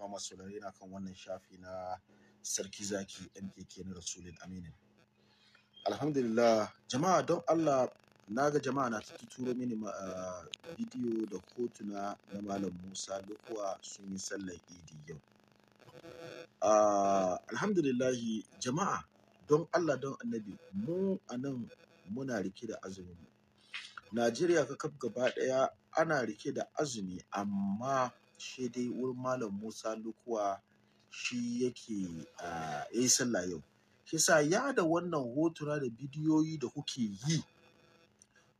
kuma masu na kan wannan shafi na sarki zaki mkk na rasulun aminin alhamdulillah jama'a don allah na ga jama'a na ta turo mini bidiyo da kotuna na malam musa lokuwa sun yi sallar idi yau Alhamdulillah jama'a don allah don annabi mu a nan muna rike da azumi najeriya ka kaf gaba daya ana rike da azumi amma shi dai wurin Malam Musa Lukuwa shi yake eh, a yi sallah yau. Shi ya da wannan hotuna da bidiyoyi da kuke yi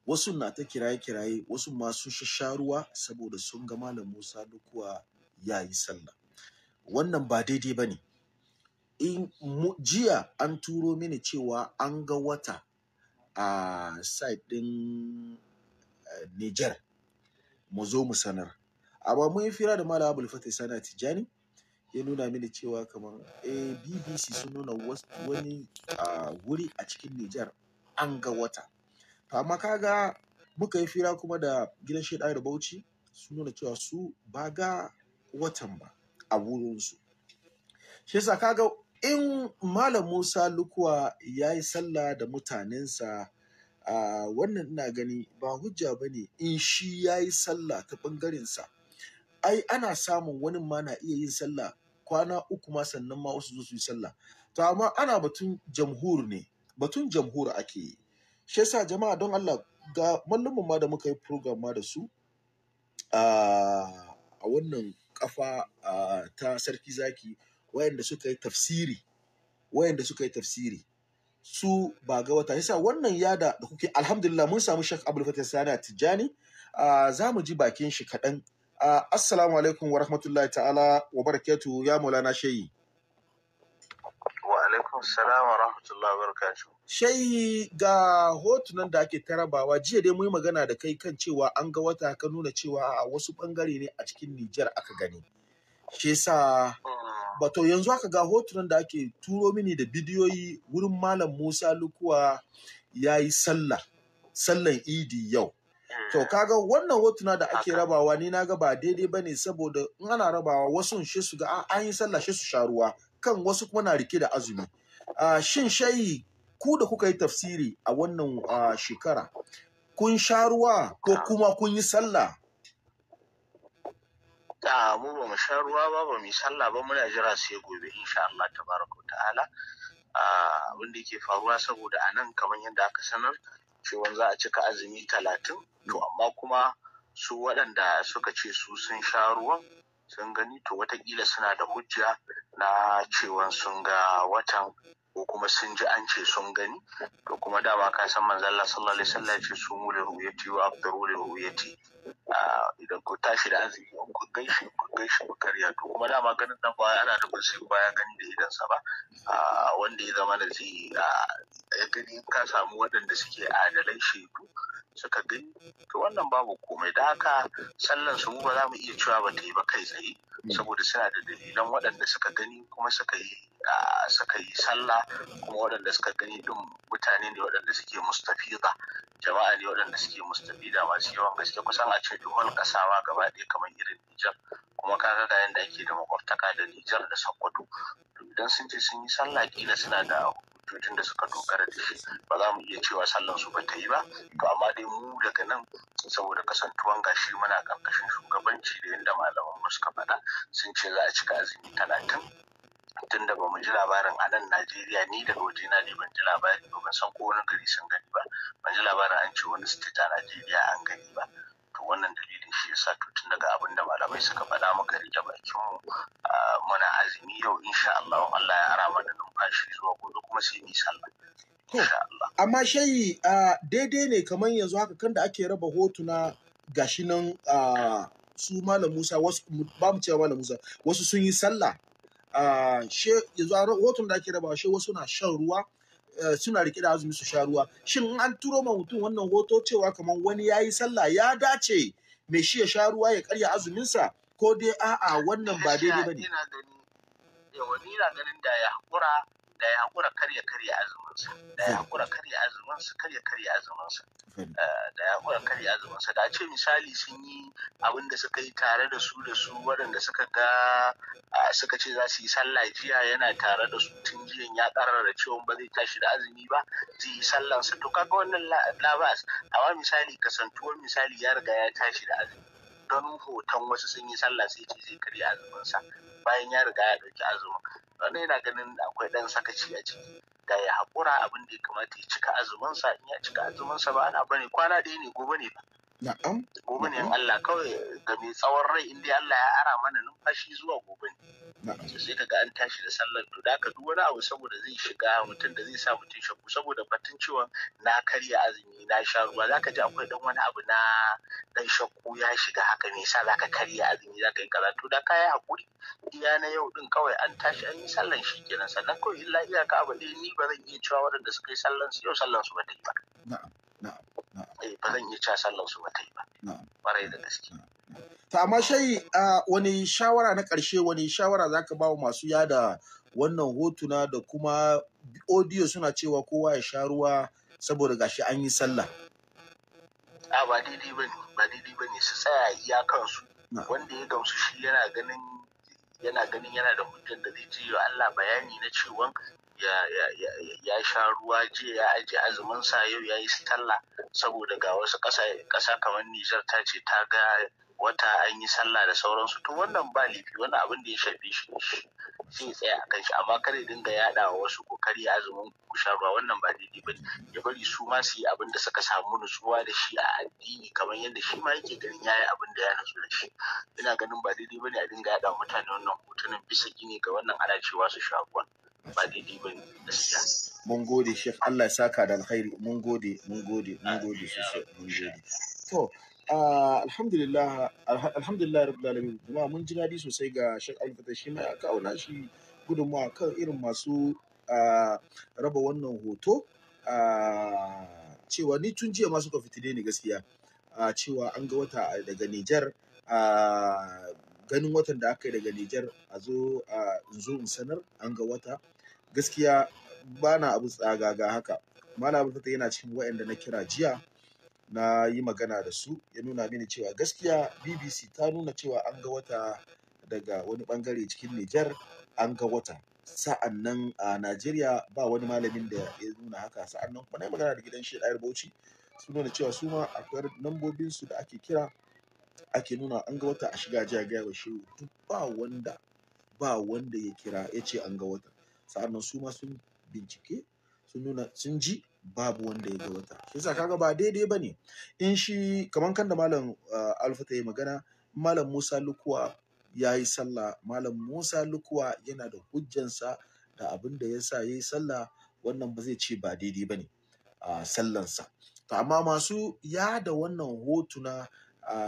wasu na ta kiraye-kiraye wasu masu shasharuwa saboda sun ga Malam Musa Lukuwa ya yi sallah. Wannan ba daidai ba ne. In jiya an turo mini cewa an ga wata a site ɗin eh, Niger mu zo mu sanar. amma mun yi fira da malam abul sana tijjani ya nuna mini cewa kamar eh bbc sun nuna wani wuri a cikin nijar an ga wata to amma kaga muka yi fira kuma da gidan shaidar da bauchi sun nuna cewa su ba ga watan ba a wurinsu shi yasa kaga in malam musa lukuwa ya yi sallah da mutanensa a wannan ina gani ba hujja ba ne in shi ya yi sallah ta ɓangarensa ai ana samun wani ma na iya yin sallah kwana uku ma sannan ma wasu zo su sallah to amma ana batun jamhur ne batun jamhur ake yi shi yasa jama'a don Allah ga mallumin ma da muka yi program ma da su a wannan kafa ta sarki zaki wayanda suka yi tafsiri wayanda suka yi tafsiri su ba ga wata yasa wannan yada da kuke alhamdulillah mun samu shak Abul Fatah Sani Tijani za mu ji bakin shi kaɗan Uh, assalamu alaikum wa rahmatullahi ta'ala wa barakatu ya mulana shayi. Wa alaikum salam wa rahmatullahi wa barakatu. Shayi ga hotunan da ake tarabawa jiya dai muyi magana da kai kan cewa an ga wata ka nuna cewa a wasu bangare ne a cikin Nijar aka gani. Shi yasa mm. bato yanzu aka ga hotunan da ake turo mini da bidiyoyi wurin Malam Musa Lukuwa ya yi sallah, sallan Idi yau. To kaga wannan hotuna da ake rabawa ni naga ba daidai ba ne saboda in ana rabawa wasu shi su ga an yi sallah shi su sha ruwa kan wasu kuma na rike da azumi. shin shayi ku da kuka yi tafsiri a wannan shekara kun sha ruwa ko kuma kun yi sallah? Da mu ba mu sha ruwa ba ba mu yi sallah ba muna jira sai gobe insha Allah tabaraka ta'ala. abin da yake faruwa saboda a nan kamar yadda aka sanar cewan za a cika azumi talatin to amma kuma su waɗanda suka ce su sun sha ruwan sun gani to watakila suna da hujja na cewan sun ga watan ko kuma sun ji an ce sun gani to kuma dama ka san manzo Allah sallallahu alaihi wasallam ce su mu da ruwayati wa afdaru da ruwayati idan ku tashi da azumi ku gaishe ku gaishe ku karya to kuma dama ganin nan ba ana da sai baya gani da idan sa ba wanda ya zama da zai ya gani ka samu waɗanda suke adalai shaidu suka gani to wannan babu komai da haka sallan su mu ba za mu iya cewa ba ta yi ba kai tsaye mm. saboda suna da dalilan waɗanda suka gani kuma suka yi suka yi sallah kuma waɗanda suka gani din mutane ne waɗanda suke mustafiza jama'a ne waɗanda suke mustafida masu yawan gaske kusan a ce duhol ma gaba ɗaya kamar irin Nijar kuma ka ga yanda ake da makwabtaka da Nijar da Sokoto idan sun ce sun yi sallah kila suna da hujjojin da suka dogara da shi ba za mu iya cewa sallan su ba ta yi ba to amma dai mu daga nan saboda kasantuwan gashi muna karkashin shugabanci da yadda malaman mu suka faɗa sun ce za a cika azumi talatin tun da mu ji labarin a nan Najeriya ni daga waje na ne ban ji labari ba ban san ko wani gari sun gani ba ban ji labarin an ce wani state a Najeriya an gani ba to wannan dalilin shi yasa to tun daga abin da malamai suka faɗa maka rike bakin mu muna azumi yau insha Allah Allah ya ara mana numfashi zuwa gobe kuma sai ni sallah amma shayi daidai ne kamar yanzu haka kan da ake raba hotuna gashi nan su malam Musa wasu ba mu cewa malam Musa wasu sun yi sallah she yanzu hotun da ake rabawa she wasu na shan ruwa Eh, suna rike da azumi su sha ruwa shin an turo ma mutum wannan hoto cewa kamar wani ya yi sallah ya dace me shi ya sha ruwa ya karya azuminsa ko dai a'a wannan ba daidai ba ne. ni na ganin da ya haƙura da ya hakura karya karya azuminsa da ya hakura karya azuminsa karya karya eh, da ya hakura karya da ce misali sun yi abin da suka yi tare da su da su waɗanda suka ga ah, suka ce za su yi sallah jiya yana tare da su tun jiyan ya karara cewa ba zai tashi da azumi ba zai yi sallansa to kaga wannan labas amma misali kasantuwar misali ya riga ya tashi da azumi ganin hoton wasu sun yi sallah sai ce zai karya azuminsa bayan ya riga ya ɗauki azumin wannan yana ganin akwai ɗan sakaci a ciki ga ya haƙura abin da ya kamata ya cika azuminsa in ya cika azuminsa ba ana bane kwana ɗaya ne gobe ne ba Na'am. Gobe ne Allah kawai ga mai tsawon rai in dai Allah ya ara mana numfashi zuwa gobe ne. To sai kaga an tashi da sallar to da ka duk wani abu saboda zai shiga mutum da zai sa mutum shakku saboda batun cewa na karya azumi na sha ruwa zaka ji akwai dan wani abu na dan shakku ya shiga haka ne sa zaka karya azumi zaka yi karatu da ka yi hakuri iya na yau din kawai an tashi an yi sallan shi kenan sannan kawai illa iyaka abu ne ni ba zan iya cewa waɗanda suka yi sallan su yau sallan su ba ta yi ba. Na'am. ba zan iya cewa sallar su ba ta yi ba ƙwarai da gaske Ta amma shai wani shawara na ƙarshe wani shawara za ka ba wa masu yada wannan hotuna da kuma audio suna cewa kowa ya sha ruwa saboda gashi an yi sallah a ba daidai ne, ba daidai ne su tsaya iya kansu wanda ya gamsu shi yana ganin yana ganin yana da hujjar da zai Allah bayani na cewa ya sha ruwa jiya ya ajiye azumin sa yau ya yi sallah saboda ga wasu ƙasa kamar Nijar ta ce ta ga wata an yi sallah da sauransu to wannan ba lifi wani abin da ya shafi shi sai tsaya a kan shi amma kar ya dinga yada wa wasu ko kar azumin ku sha ruwa wannan ba daidai ba ya bari su ma su yi abin da suka samu nutsuwa da shi a addini kamar yadda shi ma yake ganin yayi abin da ya nutsu da shi ina ganin ba daidai bane a dinga yada mutane wannan hotunan bisa gini ga wannan ana cewa su sha ruwa. mun gode shek Allah ya saka da alkhairi mun gode mun gode mun gode sosai mun gode to ah, alhamdulillah alhamdulillah rabbil alamin kuma mun ji dadi sosai ga shek alfata shi mai aka auna shi gudunmawa kan irin masu ah, raba wannan hoto ah, cewa ni tun jiya ma suka ne gaskiya cewa an ga wata daga Nijar ganin watan da aka yi daga Nijar a zo a zo in sanar an ga wata gaskiya ba na abu ga haka malam abu yana cikin waɗanda na kira jiya na yi magana da su ya nuna mini cewa gaskiya bbc ta nuna cewa an ga wata daga wani bangare cikin nijar an ga wata sa'an nan a najeriya ba wani malamin da ya nuna haka sa'an nan kuma na magana da gidan shi bauchi su nuna cewa su ma akwai lambobinsu da ake kira ake nuna an ga wata a shiga jiya gaya wa shehu duk ba wanda ba wanda ya kira ya ce an ga wata sa'annan su ma sun bincike sun nuna sun ji babu wanda ya ga wata shi yasa kaga ba daidai bane in shi kamar kan da malam eh, alfa ta yi magana malam musa lukuwa ya yi sallah malam musa lukuwa yana da hujjansa da abin da ya sa ya yi sallah wannan ba zai ce ba daidai bane a ah, sallansa to amma masu ya da wannan hotuna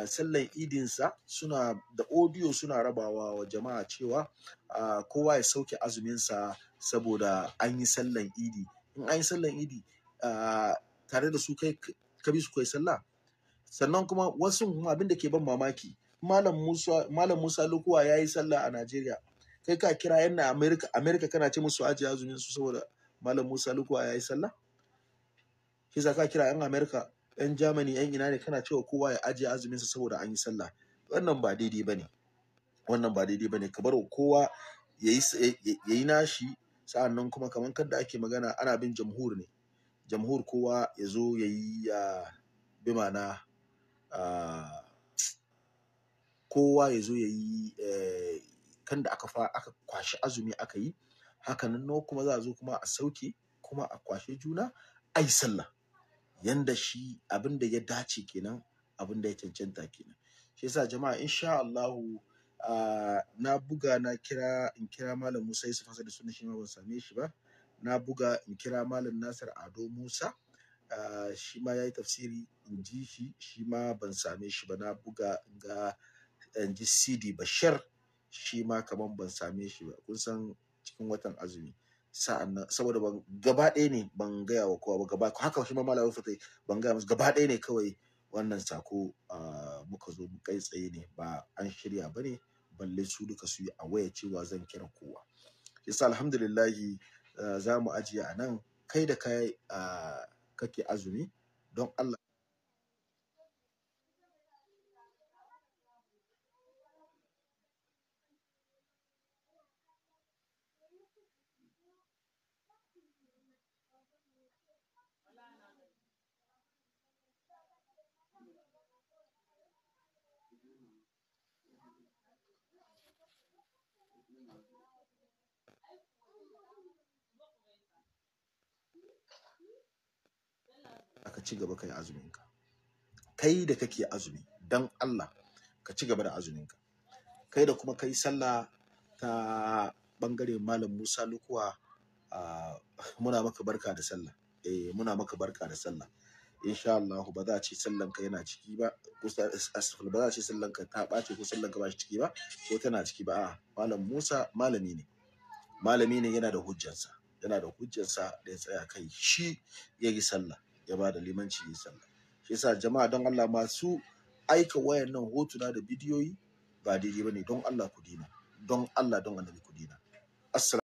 sallan idinsa suna da audio suna rabawa wa jama'a cewa kowa ya sauke azuminsa saboda an yi sallan idi in an yi sallan idi tare da su kai kabi su kai sallah sannan kuma wasu abin da ke ban mamaki malam musa malam musa lukuwa ya yi sallah a najeriya kai ka kira yan na america america kana ce musu ajiye azumin su saboda malam musa lukuwa ya yi sallah kisa ka kira yan america 'yan Germany 'yan ina ne kana cewa kowa ya ajiye azuminsa saboda an yi sallah wannan ba daidai bane wannan ba daidai bane ka bar kowa ya yi nashi sa'annan kuma kamar kadda ake magana ana bin jamhur ne jamhur kowa ya zo ya yi bi mana kowa ya zo ya yi eh, kan da aka fa aka kwashi azumi aka yi hakanan kuma za a zo kuma a sauke kuma a kwashe juna ai sallah yanda shi abin da ya dace kenan abin da ya cancanta kenan shi yasa jama'a insha Allahu na buga na kira in kira malam Musa Yusuf Hassan da sunan shi ma ban same shi ba na buga in kira malam Nasir Ado Musa shi ma yayi tafsiri in ji shi shi ma ban same shi ba na buga ga in ji CD Bashir shi ma kaman ban same shi ba kun san cikin watan azumi sa'annan saboda ban gaba ɗaya ne ban gaya wa kowa ba gaba haka shi ma malamin fitai ban gaya musu gaba ɗaya ne kawai wannan sako muka zo kai tsaye ne ba an shirya ba ne balle su duka su yi a waya cewa zan kira kowa yasa alhamdulillahi za mu ajiye a nan kai da kai kake azumi don Allah ka ci gaba kai azuminka kai da kake azumi dan Allah ka ci gaba da azumin ka. kai da kuma kai sallah ta bangare malam Musa Lukuwa muna maka barka da sallah eh muna maka barka da sallah insha Allah ba za a ce sallan yana ciki ba Kusa asfal ba za a ce sallan ta bace ko sallan ba shi ciki ba ko tana ciki ba a'a malam Musa malami ne malami ne yana da hujjansa yana da hujjansa da ya tsaya kai shi ya yi sallah ya ba da limanci ya sallah shi yasa jama'a don Allah masu aika nan hotuna da bidiyoyi ba daidai bane don Allah ku dina don Allah don annabi ku dina assalamu